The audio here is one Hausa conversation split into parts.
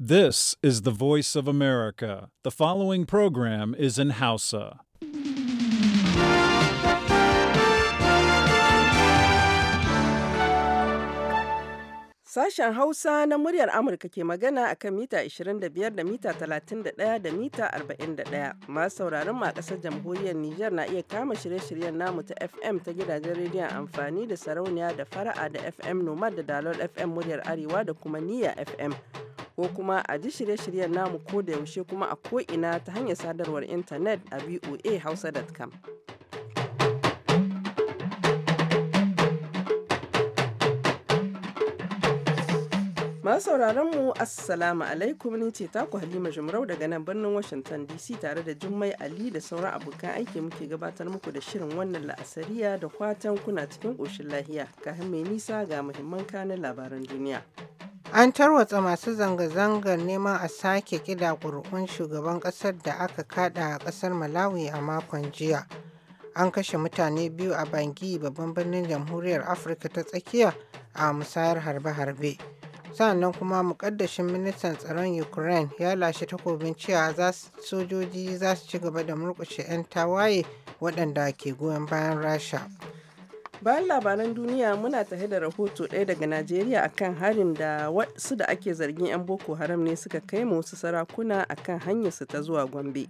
This is the voice of America. The following program is in Hausa. Sashen Hausa na muryar Amurka ke magana a kan mita 25 da mita 31 da mita 41. Masu sauraron ma ƙasar jamhuriyar Nijar na iya kama shirye-shiryen namu ta FM ta gidajen rediyon amfani da sarauniya da fara'a da FM Nomad da Dalol FM muryar Arewa da kuma Niyya FM. ko kuma a ji shirye-shiryen namu ko da yaushe kuma a ko'ina ta hanyar sadarwar intanet a voa hausa.com. Masu sauraron mu Assalamu alaikum ni ce taku Halima Jumrau daga nan birnin Washington DC tare da Jummai Ali da sauran abokan aiki muke gabatar muku da shirin wannan la'asariya da kwatan kuna cikin ƙoshin lahiya kafin mai nisa ga muhimman kanin labaran duniya. An tarwatsa masu zanga-zangar neman a sake kida ƙuri'un shugaban ƙasar da aka kada a ƙasar Malawi a makon jiya. An kashe mutane biyu a Bangi babban birnin jamhuriyar Afirka ta tsakiya a musayar harbe-harbe. sannan kuma mukaddashin ministan tsaron ukraine ya lashe takobin cewa sojoji za su ci gaba da murkushe 'yan tawaye waɗanda ke goyon bayan rasha Bayan labaran duniya muna tare da rahoto ɗaya daga Najeriya akan harin da wasu da ake zargin 'yan Boko Haram ne suka kai ma wasu sarakuna akan hanyarsu ta zuwa Gombe.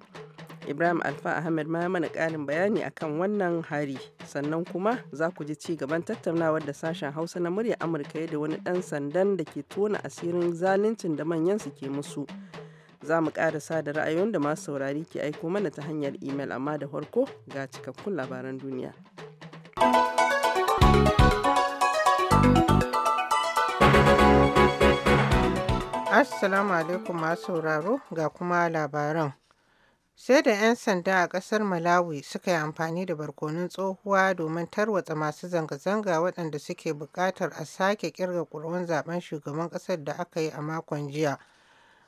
Ibrahim Alfa Ahmed ma mana ƙarin bayani akan wannan hari. Sannan kuma za ku ji ci gaban tattaunawar da sashen Hausa na murya Amurka da wani ɗan sandan da ke tona asirin zaluncin da manyan su ke musu. Za mu sa da ra'ayoyin da masu saurari ke aiko mana ta hanyar imel amma da farko ga cikakkun labaran duniya. Assalamu alaikum masu sauraro ga kuma labaran. Sai da 'yan sanda a ƙasar Malawi suka yi amfani da barkonon tsohuwa domin tarwatsa masu zanga-zanga waɗanda suke buƙatar a sake ƙirga ƙuri'un zaben shugaban ƙasar da aka yi a makon jiya.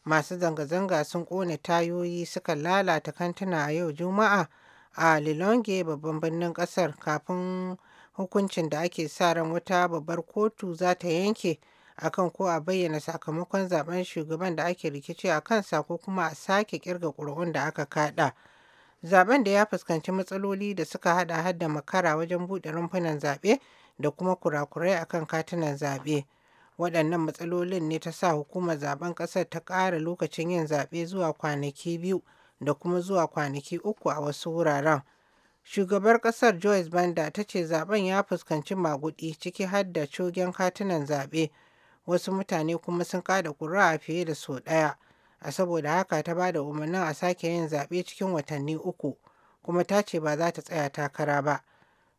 Masu zanga-zanga sun ƙone tayoyi suka lalata kantuna a yau Juma'a a Lilonge babban birnin ƙasar kafin hukuncin da ake sa ran wata babbar kotu za ta yanke akan ko a bayyana sakamakon zaben shugaban da ake rikici a kansa ko kuma a sake kirga ƙuri'un da aka kada. Zaben da ya fuskanci matsaloli da suka hada hada makara wajen buɗe rumfunan zaɓe da kuma kurakurai akan katunan zaɓe. Waɗannan matsalolin ne ta sa hukumar zaben ƙasar ta ƙara lokacin yin zaɓe zuwa kwanaki biyu da kuma zuwa kwanaki uku a wasu wuraren. Shugabar ƙasar Joyce Banda ta ce zaben ya fuskanci maguɗi ciki har da cogen katunan zaɓe wasu mutane kuma sun kada ƙuri'a fiye da sau ɗaya a saboda haka ta ba da umarnin a sake yin zaɓe cikin watanni uku kuma ta ce ba za ta tsaya takara ba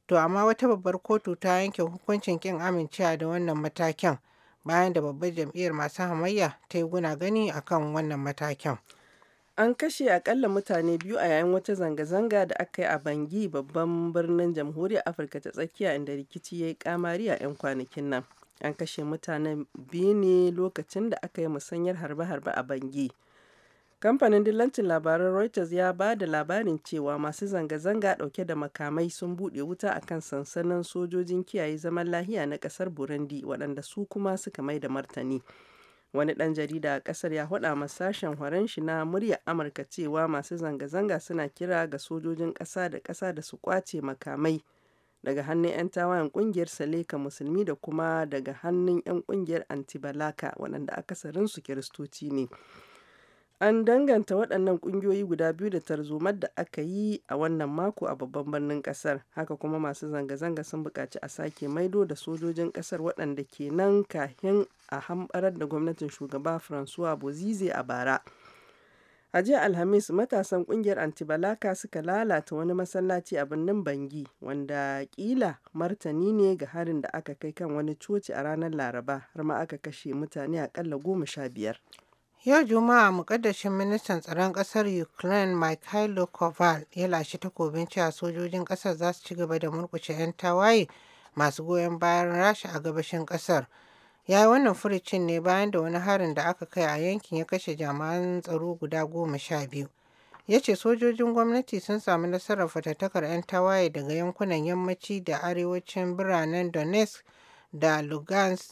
to amma wata babbar kotu ta yanke hukuncin kin amincewa da wannan matakin bayan da babbar jam'iyyar masu hamayya ta yi guna gani akan wannan matakin an kashe akalla mutane biyu a yayin wata zanga-zanga da aka yi a bangi babban birnin jamhuriyar afirka ta tsakiya inda rikici ya yi kamari a 'yan kwanakin nan An kashe mutanen biyu ne lokacin da aka yi musanyar harbe-harbe a Bangi. Kamfanin dillancin labaran Reuters ya ba da labarin cewa masu zanga-zanga ɗauke da makamai sun buɗe wuta a kan sansanin sojojin kiyaye zaman lahiya na ƙasar Burundi waɗanda su kuma suka mai da martani. Wani ɗan jarida a ƙasar ya haɗa ma sashen horon shi na murya Amurka cewa masu zanga-zanga suna kira ga sojojin ƙasa da ƙasa da su ƙwace makamai daga hannun 'yan tawayen kungiyar Saleka Musulmi da kuma daga hannun 'yan kungiyar Antibalaka waɗanda akasarin su Kiristoci ne. An danganta waɗannan ƙungiyoyi guda biyu da tarzomar da aka yi a wannan mako a babban birnin ƙasar. Haka kuma masu zanga-zanga sun buƙaci a sake maido da sojojin ƙasar waɗanda ke nan kahin a hamɓarar da gwamnatin shugaba Francois Bozize a bara. A jiya Alhamis, matasan kungiyar Antibalaka suka lalata wani masallaci a birnin Bangi, wanda kila martani ne ga harin da aka kai kan wani coci a ranar Laraba, har ma aka kashe mutane akalla goma sha biyar. Yau Juma'a mukaddashin ministan tsaron ƙasar Ukraine mikhail Koval ya lashe takobin cewa sojojin ƙasar za su ci gaba da murƙushe 'yan tawaye masu goyon bayan Rasha a gabashin ƙasar. ya yi wannan furucin ne bayan da wani harin da aka kai a yankin ya kashe jami'an tsaro guda goma sha biyu ya ce sojojin gwamnati sun samu nasarar fatattakar 'yan tawaye daga yankunan yammaci da arewacin biranen donetsk da lugansk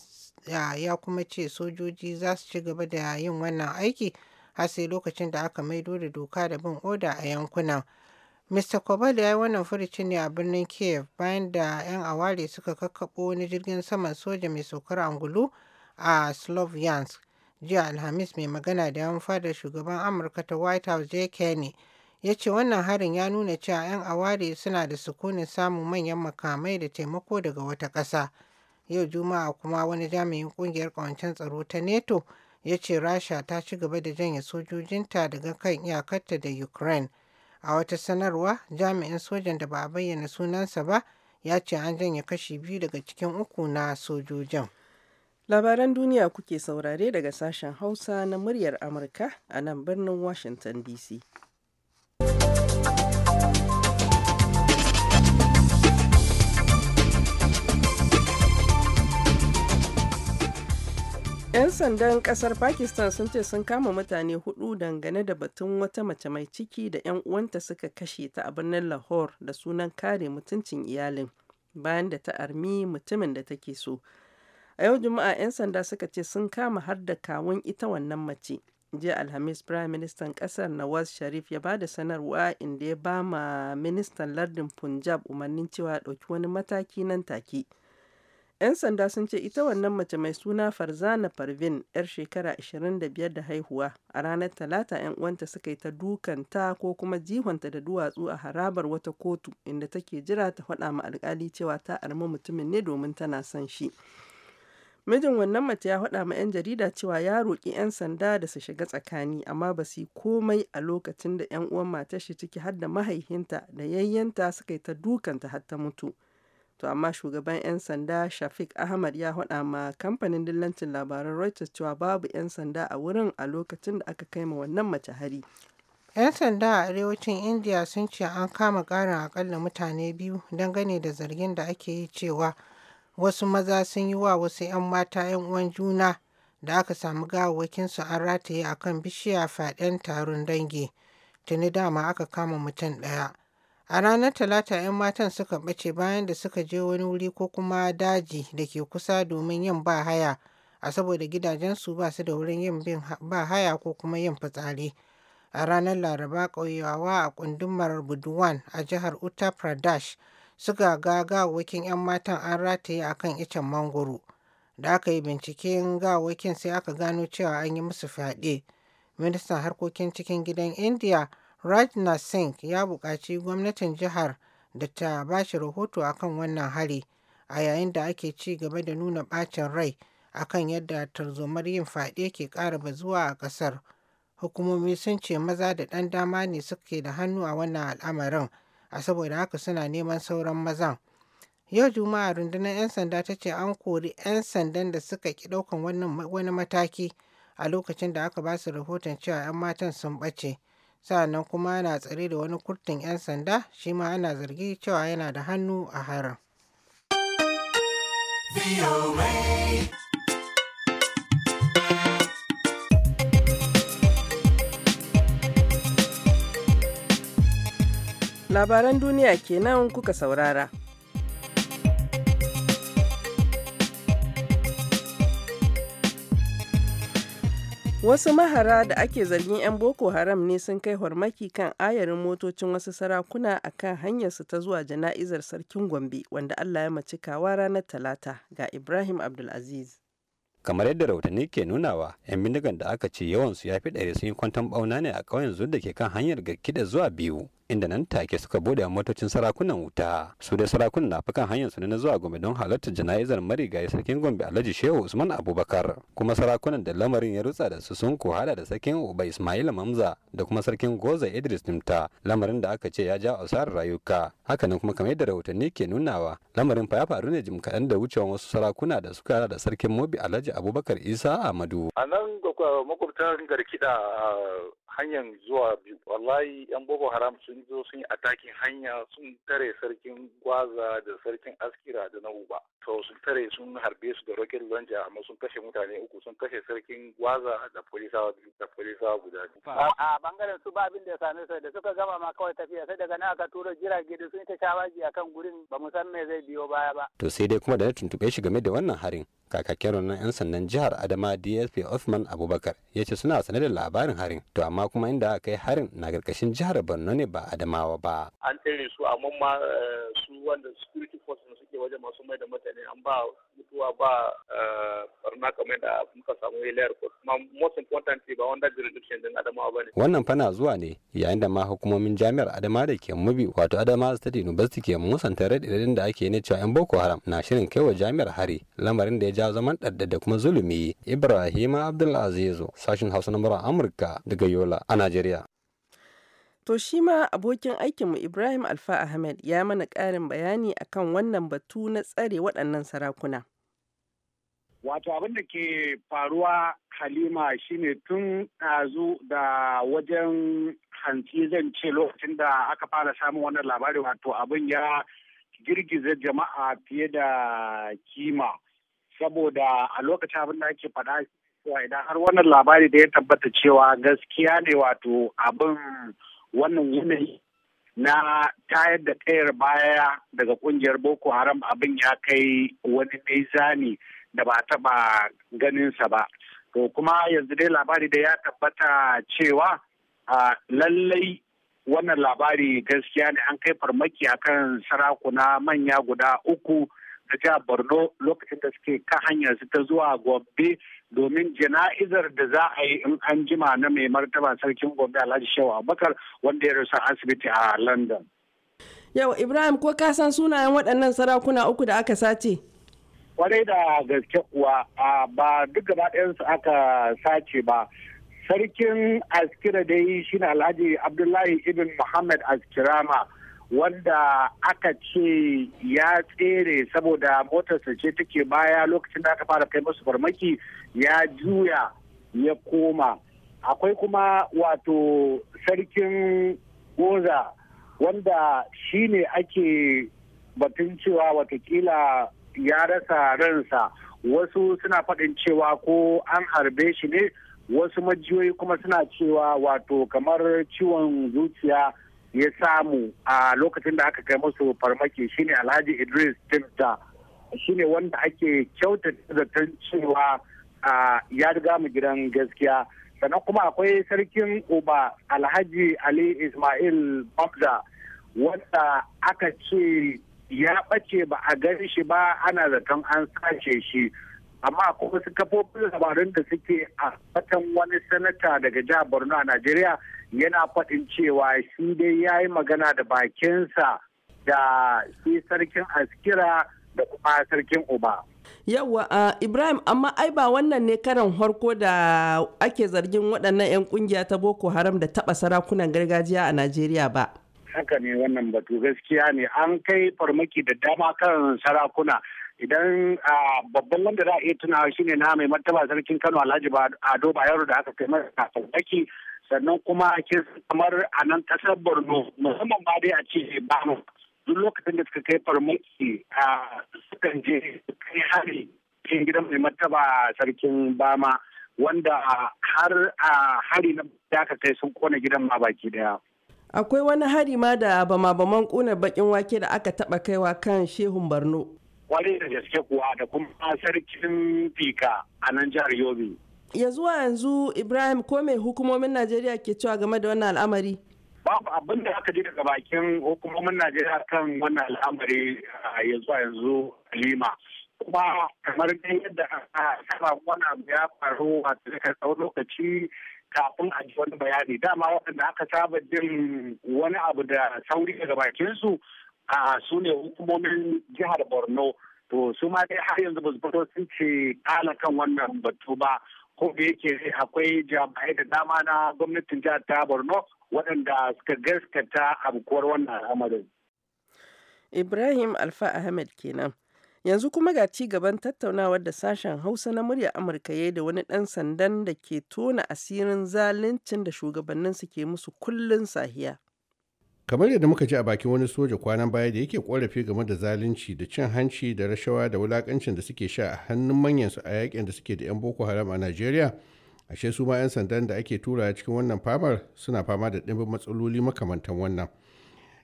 ya kuma ce sojoji za su ci gaba da yin wannan aiki har sai lokacin da aka maido da doka da bin oda a yankunan Mr. Kobal ya yi wannan furucin ne a birnin Kiev bayan da 'yan aware suka kakkaɓo wani jirgin saman soja mai saukar angulu a Slovyansk. Jiya Alhamis mai magana da 'yan fadar shugaban Amurka ta White House Jay Kenny ya ce wannan harin ya nuna cewa 'yan aware suna da sukunin samun manyan makamai da taimako daga wata ƙasa. Yau Juma'a kuma wani jami'in ƙungiyar ƙawancen tsaro ta NATO ya ce Rasha ta ci gaba da janye sojojinta daga kan iyakarta da Ukraine. a wata sanarwa jami'in sojan da ba a bayyana sunansa ba ya ce an janye kashi biyu daga cikin uku na sojojin labaran duniya kuke saurare daga sashen hausa na muryar amurka a nan birnin washington dc 'Yan sandan kasar Pakistan sun ce sun kama mutane hudu dangane da batun wata mace mai ciki da 'yan uwanta suka kashe ta a birnin Lahore da sunan kare mutuncin iyalin bayan da ta armi mutumin da take so. A yau Juma'a 'yan sanda suka ce sun kama har da kawun ita wannan mace. Jiya Alhamis Prime Minister kasar Nawaz Sharif ya ba da sanarwa inda ya ba ma ministan lardin Punjab umarnin cewa ɗauki wani mataki nan take. 'Yan sanda sun ce ita wannan mace mai suna Farzana farvin 'yar shekara 25 da haihuwa a ranar Talata 'yan uwanta suka yi ta dukanta ko kuma jihonta da duwatsu a harabar wata kotu inda take jira ta faɗa ma alkali cewa ta armi mutumin ne domin tana son shi. Mijin wannan mace ya faɗa ma 'yan jarida cewa ya roƙi 'yan sanda da su shiga tsakani amma ba su yi komai a lokacin da 'yan uwan matar shi ciki har da mahaihinta da yayyanta suka yi ta dukanta har ta mutu. To amma shugaban 'yan sanda shafiq Ahmad ya haɗa ma kamfanin dillancin labaran Reuters cewa babu 'yan sanda a wurin a lokacin da aka kai ma wannan mace hari. 'Yan sanda a arewacin India sun ce an kama ƙarin akalla mutane biyu dangane da zargin da ake yi cewa wasu maza sun yi wa wasu 'yan mata 'yan uwan juna da aka samu su an rataye akan bishiya fyaɗen taron dangi. Tuni dama aka kama mutum ɗaya. A ranar Talata, 'yan matan suka ɓace bayan da suka je wani wuri ko kuma daji da ke kusa domin yin ba haya a saboda gidajensu ba su da wurin yin ba haya ko kuma yin fitsari. A ranar Laraba, ƙauyawa a kundumar Buduwan a jihar Uttar Pradesh suka ga gawawwakin 'yan matan an rataye a kan icen mangoro. Da aka yi binciken gawakin sai aka gano cewa an yi musu fyaɗe. Ministan harkokin cikin gidan Indiya Rajna Singh ya buƙaci gwamnatin jihar da ta ba shi rahoto kan wannan hari a yayin da ake ci gaba da nuna ɓacin rai a kan yadda tarzomar yin fyaɗe ke ƙara zuwa a ƙasar. Hukumomi sun ce maza da ɗan dama ne suke da hannu a wannan al'amarin, a saboda haka suna neman sauran mazan. Yau Juma'a rundunar 'yan sanda ta ce an kori 'yan sandan da suka ki ɗaukan wani mataki a lokacin da aka ba su rahoton cewa 'yan matan sun ɓace. sa'annan kuma yana tsare da wani kurtin 'yan sanda shi ma ana zargi cewa yana da hannu a harin. Labaran duniya kenan kuka saurara. Wasu mahara da ake zargin 'yan Boko Haram ne sun kai hormaki kan ayarin motocin wasu sarakuna a kan hanyarsu ta zuwa jana'izar sarkin Gombe wanda Allah ya maci kawa ranar Talata ga Ibrahim Abdulaziz. kamar yadda rahotanni ke nunawa yan bindigan da aka ce yawansu ya fi ɗari sun yi kwanton ɓauna ne a ƙauyen zuwa da ke kan hanyar garki da zuwa biyu inda nan take suka bude motocin sarakunan wuta su da sarakunan na fakan hanyar su na zuwa gombe don halartar jana'izar marigayi sarkin gombe alhaji shehu usman abubakar kuma sarakunan da lamarin ya rutsa da su sun hada da sarkin uba ismail mamza da kuma sarkin goza idris nimta lamarin da aka ce ya ja asarar rayuka haka hakanan kuma kamar da rahotanni ke nunawa lamarin fa ya faru ne jim kaɗan da wucewa wasu sarakuna da suka hada da sarkin mobi alhaji abubakar isa amadu a nan makwabtan garkida hanyar zuwa biyu wallahi yan boko haram sun zo sun yi atakin hanya sun tare sarkin gwaza da sarkin askira da na uba to sun tare sun harbe su da rocket launcher amma sun kashe mutane uku sun kashe sarkin gwaza da polisawa da polisawa guda biyu a bangaren su ba abin da ya same su da suka gama ma kawai tafiya sai daga nan aka tura jirage da sun ta shawagi akan gurin ba mu san me zai biyo baya ba to sai dai kuma da na tuntube shi game da wannan harin kakakken na 'yan sandan jihar adama dsp Othman abubakar ya ce suna sanar da labarin harin to amma kuma inda aka yi harin na karkashin jihar borno ne ba adamawa ba an tsere su amma ma eh, su wanda security force suke wajen masu mai da mutane an ba mutuwa ba eh, barna kamar da muka samu hilayar ko kuma most important ba wanda jurisdiction din adamawa ba ne. wannan fana zuwa ne yayin da ma hukumomin jami'ar adama da ke mubi wato adama state university ke musanta tare da ake ne cewa yan boko haram na shirin kai wa jami'ar hari lamarin da ya ja zaman ɗadda da kuma zulumi ibrahima abdulazizu sashen hausa na amurka daga yola a najeriya. To shi ma abokin aikinmu Ibrahim Alfa Ahmed ya mana ƙarin bayani akan wannan batu na tsare waɗannan sarakuna. Wato abin da ke faruwa Halima shine tun ɗazu da wajen hanci zan ce lokacin da aka fara samun wannan labari wato abin ya girgiza jama'a fiye da kima. Saboda a lokacin abin da ake faɗa cewa idan har wannan labari da ya tabbata cewa gaskiya ne wato abin wannan yanayi na tayar da kayar baya daga kungiyar Boko Haram abin ya kai wani mizani. da ba taba ganinsa ba. To kuma yanzu dai labari da ya tabbata cewa a lallai wannan labari gaskiya ne an kai farmaki akan sarakuna manya guda uku da jihar Borno lokacin da suke ka hanyar su ta zuwa Gombe domin jana'izar da za a yi in an jima na mai martaba sarkin Gombe Alhaji Shehu Abubakar wanda ya rasu asibiti a London. Yau Ibrahim ko ka san sunayen waɗannan sarakuna uku da aka sace? kwarai da gaske kuwa ba duk gaba ɗayansu aka sace ba sarkin askira dai shine alhaji abdullahi ibn muhammad askirama wanda aka ce ya tsere saboda motarsa ce take baya lokacin da aka fara kai masu farmaki ya juya ya koma akwai kuma wato sarkin goza wanda shine ake batun cewa watakila ya rasa ransa wasu suna faɗin cewa ko an harbe shi ne wasu majiyoyi kuma suna cewa wato kamar ciwon zuciya ya samu a lokacin da aka kai musu farmaki shine alhaji idris timta shine wanda ake kyautata zaton cewa ya riga mu gidan gaskiya sannan kuma akwai sarkin uba alhaji ali ismail bakda wanda aka ce ya ɓace ba a gan shi ba ana zaton an sace shi amma kuma su kafofin labarun da suke a fatan wani sanata daga jihar borno a najeriya yana faɗin cewa shi dai ya yi magana da bakinsa da shi sarkin askira da kuma sarkin uba yawwa ibrahim amma ai ba wannan ne karan harko da ake zargin waɗannan 'yan kungiya ta boko haram da taɓa sarakunan gargajiya a najeriya ba haka ne wannan batu gaskiya ne an kai farmaki da dama kan sarakuna idan babban wanda za a iya tunawa shine na mai martaba sarkin kano alhaji ado yaro da aka kai masa farmaki sannan kuma kin kamar a nan kasar borno musamman ba dai a ce ba mu duk lokacin da suka kai farmaki a sukan je kai hari cikin gidan mai martaba sarkin bama wanda har a hari na da aka kai sun kona gidan ma baki daya Akwai wani hari ma da bama-baman kuna bakin wake da aka taba kaiwa kan Shehun Barno. Kwarai da gaske kuwa da kuma sarkin fika a nan jihar Yobe. Ya zuwa yanzu Ibrahim ko mai hukumomin Najeriya ke cewa game da wannan al'amari? Babu abin da aka ji daga bakin hukumomin Najeriya kan wannan al'amari ah, ya zuwa yanzu Halima. Kuma kamar yadda aka wani abu ya faru a lokaci kafin a ji wani bayani dama waɗanda aka saba jin wani abu da sauri daga su a su ne hukumomin jihar borno to su ma dai har yanzu ba su fito sun ce kala kan wannan batu ba ko da yake akwai jami'ai da dama na gwamnatin jihar ta borno waɗanda suka gaskata abukuwar wannan al'amarin ibrahim alfa ahmed kenan Yanzu kuma ga ci gaban tattaunawar da sashen Hausa na murya Amurka ya da wani ɗan sandan da ke tona asirin zaluncin da su ke musu kullun sahiya. kamar yadda muka ji a bakin wani soja kwanan baya da yake korafi game da zalunci da cin hanci da rashawa da wulakancin da suke sha a hannun manyan su a yakin da suke da 'yan boko haram a najeriya ashe su ma 'yan sandan da ake turawa cikin wannan famar suna fama da ɗimbin matsaloli makamantan wannan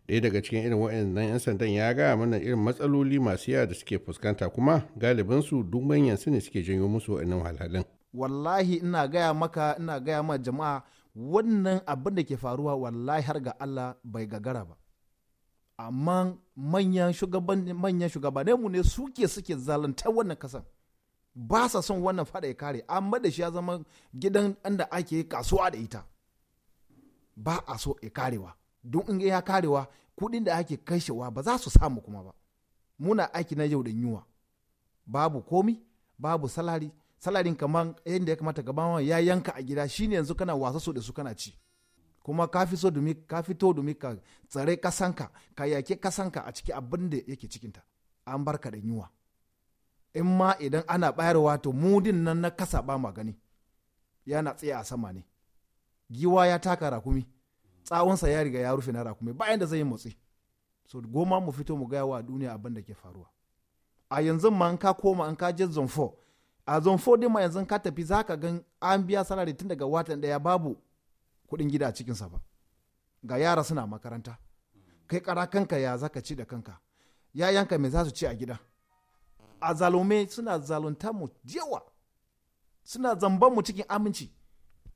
ɗaya daga cikin irin waɗannan 'yan sandan ya gaya mana irin matsaloli masu yawa da suke fuskanta kuma galibinsu duk manyan su ne suke janyo musu waɗannan wahalhalun wallahi ina gaya maka ina gaya ma jama'a wannan abin da ke faruwa wallahi har ga Allah bai gagara ba amma manyan shugabannin mu ne suke suke zalunta wannan kasan ba sa son wannan fada ya kare amma da shi ya zama gidan da ake kasuwa da ita ba a so ya karewa don in ya karewa kuɗin da ake kashewa ba za su samu kuma ba muna aiki na yau da yuwa babu komi babu salari salarin kamar yadda ya kamata gaban ya yanka a gida shine yanzu kana wasa so da su kana ci kuma ka fi so domin ka fito domin ka tsare kasanka ka yake kasanka a ciki abin da yake cikinta an barka da yuwa in ma idan ana bayarwa to mudin nan na kasa ba gani yana tsaye a sama ne giwa ya taka rakumi tsawonsa ya riga ya rufe na rakume bayan da zai yi motsi so goma mu fito mu gaya wa duniya abin da ke faruwa a yanzu ma an ka koma an ka je zone a zone 4 din ma yanzu ka tafi za ka gan an biya salari tun daga watan daya babu kuɗin gida a cikinsa ba ga yara suna makaranta kai kara kanka ya zaka ci da kanka yayanka me za su ci a gida a zalume suna zalunta mu yawa suna zamban mu cikin aminci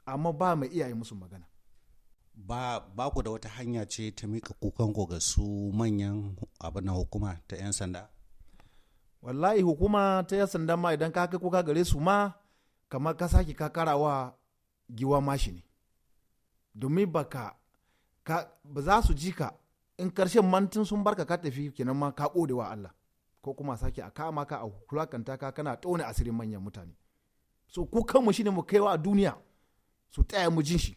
amma ba mai iyaye musu magana ba ba ku da wata hanya ce ta mika kukan ga su manyan abin na hukuma ta 'yan sanda wallahi hukuma ta 'yan sanda ma idan ka kai kuka gare su ma kamar ka sake ka karawa giwa mashi ne domin ba ka ba za su ji ka in karshen mantin sun barka ka tafi kenan ma ka kodewa Allah ko kuma sake a kama ka a hulakanta ka kana tone asirin manyan mutane so kukanmu shine mu kaiwa a duniya su taya mu jin shi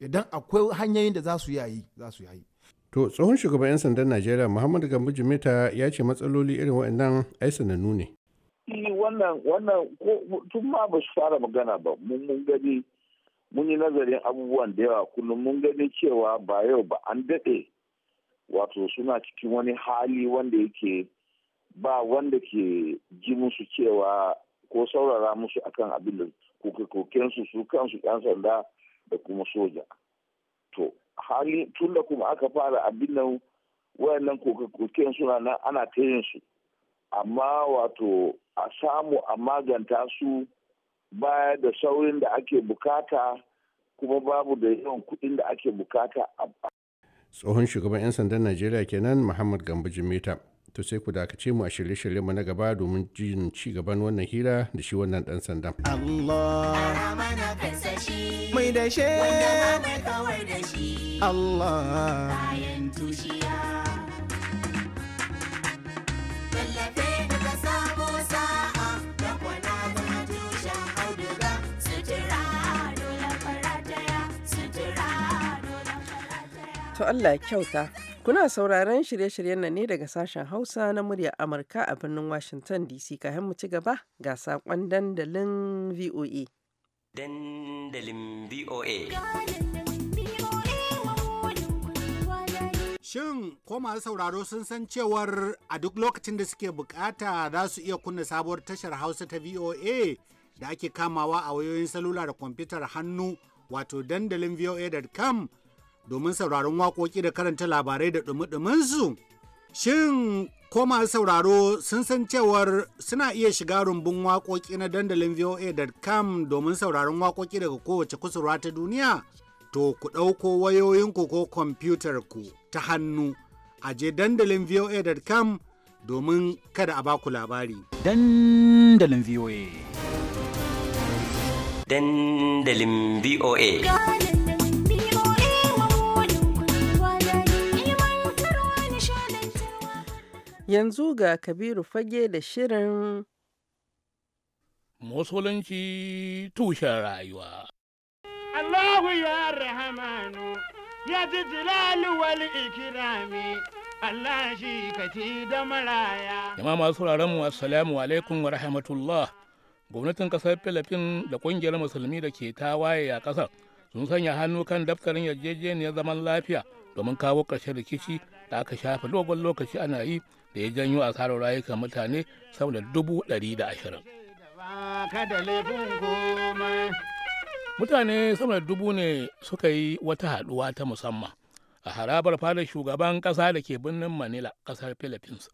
idan akwai hanyoyin da za su yayi za su yayi to tsohon shugaban 'yan sandan najeriya muhammadu gambo jimita ya ce matsaloli irin waɗannan ai sanannu ne wannan wannan tun ma ba su fara magana ba mun mun gani mun yi nazarin abubuwan da yawa kullum mun gani cewa ba yau ba an daɗe wato suna cikin wani hali wanda yake ba wanda ke ji musu cewa ko saurara musu akan abin da kokensu su kansu 'yan sanda da kuma soja to hali tun da kuma aka fara abin nan wayannan kokakoken suna nan ana ta su amma wato a samu a maganta su baya da saurin da ake bukata kuma babu da yawan kuɗin da ake bukata a tsohon shugaban 'yan sandan najeriya kenan muhammad gambo jimeta to sai ku dakace mu a shirye mu na gaba domin jin ci gaban wannan hira da shi wannan dan sandan. Allah. da shi wanda ba mai kawar da shi Allah bayan tushiya tallafe daga sabo sa'a da kwana zama tushen auduga sutura dole farataya sutura dole farataya to Allah kyauta Kuna sauraron shirye-shiryen nan ne daga sashen Hausa na muryar Amurka a birnin Washington DC. Kayan mu ci gaba ga saƙon dandalin VOA. dandalin VOA. Shin ko masu sauraro sun san cewar a duk lokacin da suke bukata za su iya kunna sabuwar tashar Hausa ta VOA da ake kamawa a wayoyin salula da kwamfutar hannu wato dandalin voa.com domin sauraron waƙoƙi da karanta labarai da ɗumi-ɗuminsu? Shin ko masu sauraro sun san cewar suna iya shiga rumbun waƙoƙi na dandalin voa.com domin sauraron waƙoƙi daga kowace kusurwa ta duniya? To ku ɗauko wayoyinku ko kwamfutar ku ta hannu a je dandalin voa.com domin kada a baku labari. Dandalin VOA. Dandalin VOA. Yanzu ga Kabiru fage da shirin Musulunci tushen rayuwa. Allahu ya rahamanu ya ji jilalu ikirami Allah shi kati da maraya. Yama masu sauraron mu assalamu alaikum wa rahmatullah. Gwamnatin kasar Filipin da kungiyar musulmi da ke tawaye a kasar sun sanya hannu kan daftarin yarjejeniyar zaman lafiya domin kawo ƙarshen rikici da aka shafi dogon lokaci ana yi da ya janyo asarar rayukan mutane sama da dubu ɗari da ashirin. Mutane sama da dubu ne suka yi wata haɗuwa ta musamman a harabar fadar shugaban ƙasa da ke birnin Manila ƙasar Philippines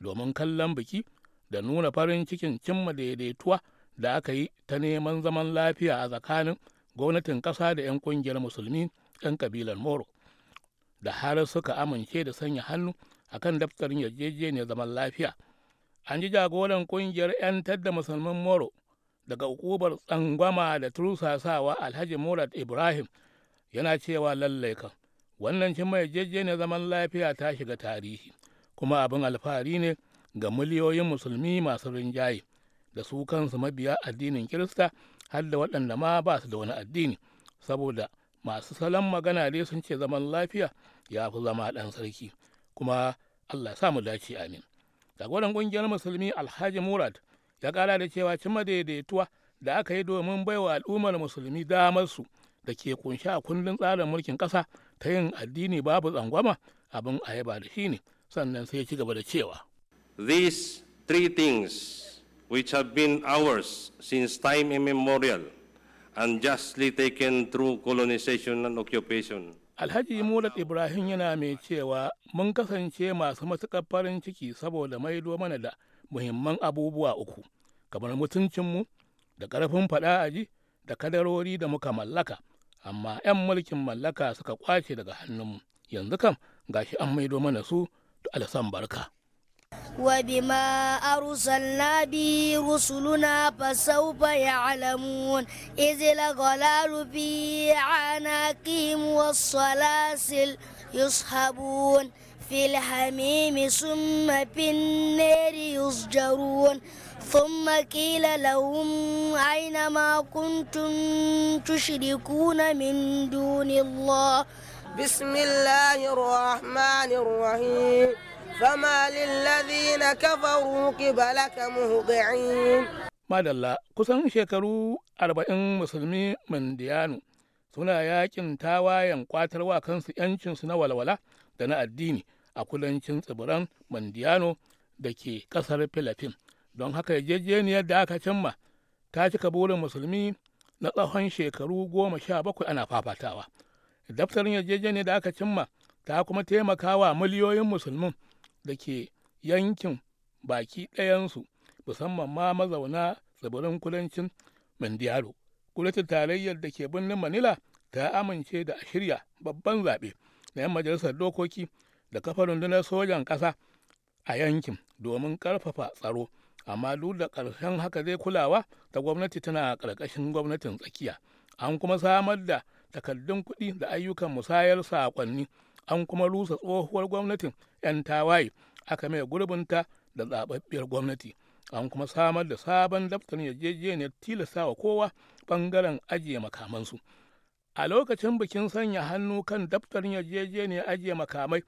domin kallon biki da nuna farin cikin cimma daidaituwa da aka yi ta neman zaman lafiya a tsakanin gwamnatin ƙasa da 'yan ƙungiyar musulmi 'yan ƙabilar Moro da har suka amince da sanya hannu akan daftarin yarjejeniyar zaman lafiya an ji jagoran kungiyar yan tadda musulmin moro daga hukumar tsangwama da turusasawa alhaji murad ibrahim yana cewa lallai kan wannan cin yarjejeniyar zaman lafiya ta shiga tarihi kuma abin alfahari ne ga miliyoyin musulmi masu rinjaye da su kansu mabiya addinin kirista har da waɗanda ma ba su da wani addini saboda masu salon magana dai sun ce zaman lafiya ya fi zama ɗan sarki kuma Allah sa mu dace amin jagoran ƙungiyar musulmi Alhaji Murad ya kara da cewa cimma daidaituwa da aka yi domin baiwa al'ummar musulmi damar su da ke kunshi a kundin tsarin mulkin ƙasa ta yin addini babu tsangwama abin a yaba da shi ne sannan sai ya ci gaba da cewa these three things which have been ours since time immemorial unjustly taken through colonization and occupation Alhaji Mulat Ibrahim yana mai cewa mun kasance masu matuƙar farin ciki saboda maido mana da muhimman abubuwa uku, kamar mutuncinmu da ƙarfin faɗa ji da kadarori da muka mallaka, amma 'yan mulkin mallaka suka kwace daga hannunmu, yanzu kam gashi an maido mana su da alasan barka. وبما أرسلنا به رسلنا فسوف يعلمون إذ الغلال في عناقهم والسلاسل يصحبون في الحميم ثم في النار يسجرون ثم قيل لهم أين ما كنتم تشركون من دون الله بسم الله الرحمن الرحيم فما للذين كفروا قبلك madalla kusan shekaru arba'in musulmi mandiyanu suna yakin tawayen kwatarwa kansu yancinsu na walwala da na addini a kudancin tsibiran mandiyano da ke kasar filafin don haka yarjejeniyar da aka cimma ta cika burin musulmi na tsawon shekaru goma sha bakwai ana fafatawa daftarin yarjejeniyar da aka cimma ta kuma taimakawa miliyoyin musulmin da ke yankin baki ɗayansu musamman ma mazauna tsibirin kudancin mandiyaro gwamnatin tarayyar da ke birnin manila ta amince da a shirya babban zaɓe na 'yan majalisar dokoki da kafa rundunar sojan ƙasa a yankin domin ƙarfafa tsaro amma duk da ƙarshen haka zai kulawa ta gwamnati tana ƙarƙashin gwamnatin tsakiya an kuma samar da takardun kuɗi da ayyukan musayar saƙonni an kuma rusa tsohuwar gwamnatin 'yan tawaye aka mai gurbinta da zababbiyar gwamnati an kuma samar da sabon daftar yarjejeniyar wa kowa bangaren ajiye makamansu a lokacin bikin sanya hannu kan daftarin yarjejeniyar ajiye makamai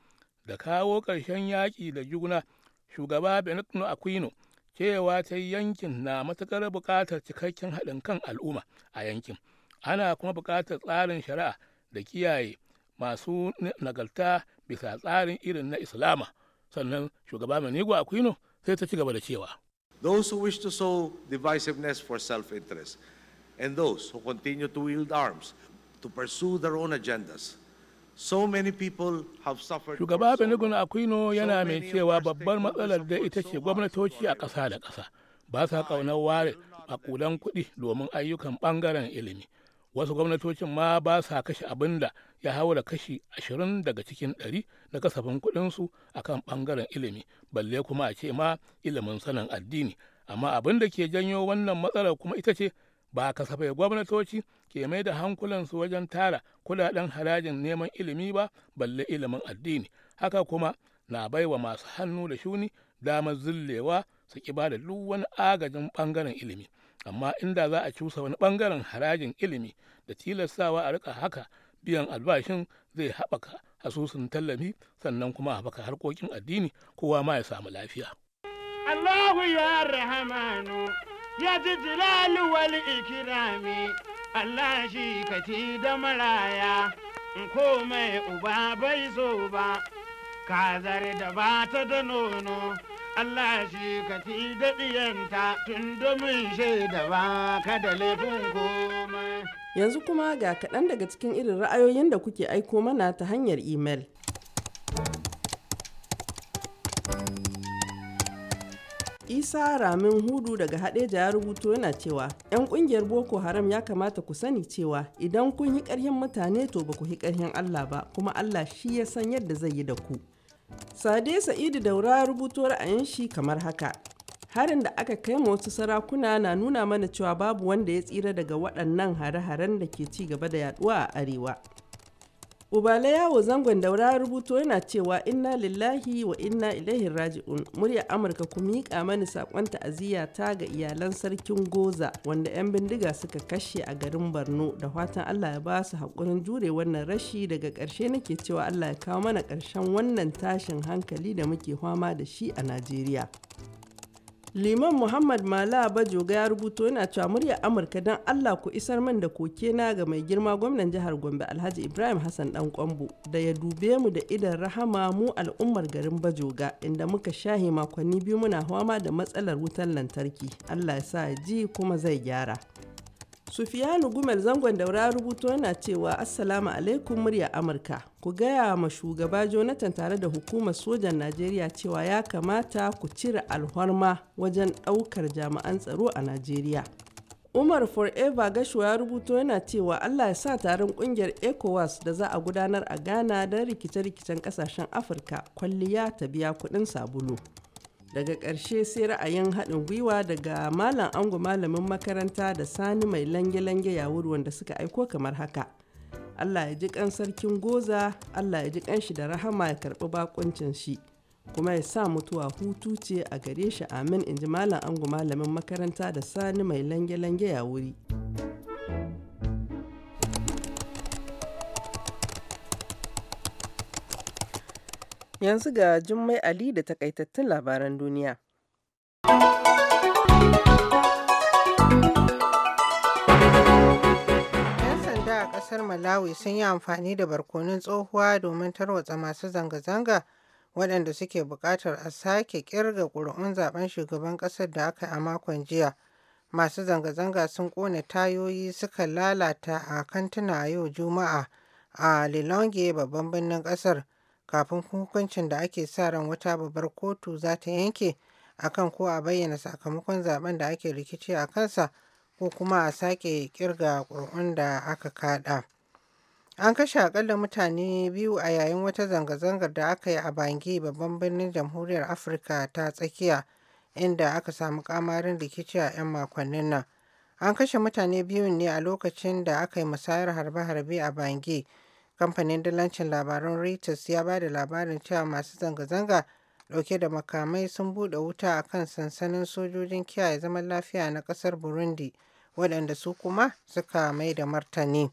da kawo ƙarshen yaƙi da juna shugaba benigno aquino cewa ta yankin na matuƙar buƙatar cikakken haɗin kan al'umma a yankin ana kuma buƙatar tsarin shari'a da kiyaye masu nagarta bisa tsarin irin na islama sannan shugaba manigo aquino sai ta ci gaba da cewa those who wish to sow divisiveness for self-interest and those who continue to wield arms to pursue their own agendas So many people have suffered. Shugaba Benigun Aquino yana mai cewa babbar matsalar da ita ce gwamnatoci a ƙasa da ƙasa ba sa ƙaunar ware makudan kuɗi domin ayyukan ɓangaren ilimi. wasu gwamnatocin ma ba sa kashe abin da ya haura kashi ashirin daga cikin ɗari na kasafin kuɗinsu a kan ɓangaren ilimi balle kuma a ce ma ilimin sanin addini amma abin da ke janyo wannan matsalar kuma ita ce ba kasafai gwamnatoci ke mai da hankulansu wajen tara kudaden harajin neman ilimi ba balle ilimin addini haka kuma na baiwa masu hannu da shuni damar zillewa su ki ba da duk wani agajin ɓangaren ilimi amma inda za a cusa wani bangaren harajin ilimi da tilastawa a rika haka biyan albashin zai haɓaka asusun tallafi sannan kuma haɓaka harkokin addini kowa ma ya samu lafiya. Allahu ya rahamanu ya ji jilalu wal ikirami Allah shi kati da maraya in komai uba bai zo ba kazar da bata da nono Allah shi ka fi daɗiyanta tun domin shaida ba ka da laifin komai. Yanzu kuma ga kaɗan daga cikin irin ra'ayoyin da kuke aiko mana ta hanyar imel. isa ramin hudu daga haɗeja ya rubuto yana cewa 'yan ƙungiyar boko haram ya kamata ku sani cewa idan kun yi karhin mutane to ba ku yi karhin allah ba kuma allah shi ya san yadda zai yi da ku Sade Sa'idu Daura ya rubuto ra'ayin shi kamar haka. Harin da aka kai ma wasu sarakuna na nuna mana cewa babu wanda ya tsira daga waɗannan hare-haren da ke ci gaba da yaduwa a Arewa. Ubala yawo zangon daura rubuto yana cewa inna lillahi wa inna ilaihi raji'un murya Amurka ku miƙa mani saƙon aziya ta ga iyalan sarkin Goza wanda 'yan bindiga suka kashe a garin Borno da fatan Allah ya ba su haƙurin jure wannan rashi daga ƙarshe nake cewa Allah ya kawo mana karshen wannan tashin hankali da muke fama da shi a Najeriya. Liman Muhammad Mala Bajoga ya rubuto yana cewa muryar Amurka don Allah ku isar man da koke na ga mai girma gwamnan jihar Gombe Alhaji Ibrahim Hassan Dan Kwambo da ya dube mu da idan rahama mu al'ummar garin Bajoga inda muka shahe makonni biyu muna fama da matsalar wutar lantarki. Allah ya sa ji kuma zai gyara. Sufiyanu Gumel zangon daura rubuto yana cewa Assalamu alaikum murya Amurka. Ku gaya ma shugaba Jonathan tare da hukumar sojan Najeriya cewa ya kamata ku cire alhorma wajen ɗaukar jami'an tsaro a Najeriya. Umar Forever Gashuwa ya rubuto yana cewa Allah ya sa taron kungiyar ECOWAS da za a gudanar a Ghana don rikice-rikicen kasashen Afirka kwalliya ta biya kudin sabulu. daga ƙarshe sai ra'ayin haɗin gwiwa daga malam ango malamin makaranta da sani mai lange-lange yawur wanda suka aiko kamar haka allah ya ji ƙan sarkin goza allah ya ji kan shi da rahama ya karɓi bakuncin shi kuma ya sa mutuwa hutu ce a gare shi amin in ji malam ango malamin makaranta da sani mai lange-lange ya wuri. Yanzu ga Jummai Ali da takaitattun labaran duniya. sanda a kasar malawi sun yi amfani da barkonin tsohuwa domin tarwatsa masu zanga-zanga waɗanda suke buƙatar a sake ƙirga ƙuri'un zaben shugaban ƙasar da aka yi a makon jiya masu zanga-zanga sun ƙone tayoyi suka lalata a kantuna yau juma'a a lilonge babban birnin ƙasar kafin hukuncin da ake sa ran wata babbar kotu za ta yanke akan ko a bayyana sakamakon zaben da ake rikici a kansa ko kuma a sake kirga ƙuri'un da aka kaɗa. An kashe akalla mutane biyu a yayin wata zanga-zangar da aka yi a Bangi babban birnin jamhuriyar Afirka ta tsakiya inda aka samu kamarin rikici a 'yan makonnin nan. An kashe mutane biyun ne a lokacin da aka yi musayar harbe-harbe a Bangi Kamfanin dalancin labaran Reuters ya ba da labarin cewa masu zanga-zanga dauke da makamai sun buɗe wuta a kan sansanin sojojin kiyaye zaman lafiya na ƙasar Burundi, waɗanda su kuma suka mai da martani.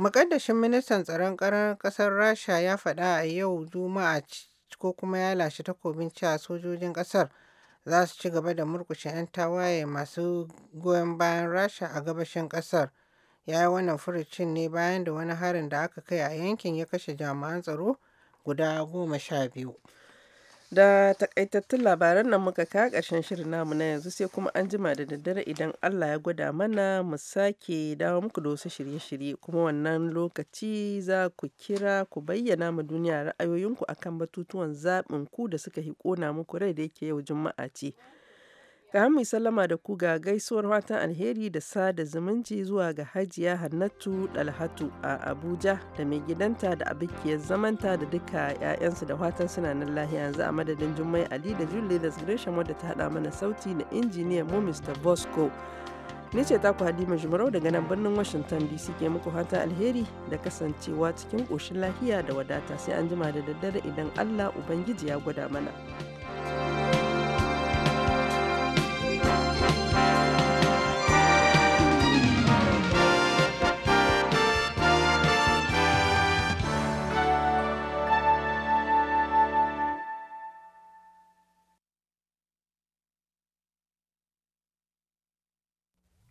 Maƙaddashin ministan tsaron ƙasar Rasha ya faɗa a yau Juma'a ko kuma ya lashe takobin cewa sojojin ƙasar za su ci gaba da murkushe 'yan tawaye masu goyon bayan Rasha a gabashin ƙasar. ya yi wannan furucin ne bayan da wani harin da aka kai a yankin ya kashe jami'an tsaro guda goma sha biyu. Da takaitattun labaran nan muka ka ƙarshen shirin namu na yanzu sai kuma an jima da daddare idan Allah ya gwada mana mu sake dawo muku da wasu shirye-shirye kuma wannan lokaci za ku kira ku bayyana mu duniya ra'ayoyinku akan batutuwan zaɓin ku da suka hi ƙona muku rai da yake yau juma'a ce. Kamin mai sallama da ku ga gaisuwar watan alheri da sada zumunci zuwa ga Hajiya Hannatu Dalhatu a Abuja da mai gidanta da abikiyar zamanta da duka 'ya'yansu da watan suna nan lahiya yanzu a madadin Jummai Ali da da Gresham wadda ta hada mana sauti na injiniyan mu Mr. Bosco. Ni ce taku Halima Jumarau daga nan birnin Washington DC ke muku fata alheri da kasancewa cikin ƙoshin lahiya da wadata sai an jima da daddare idan Allah Ubangiji ya gwada mana.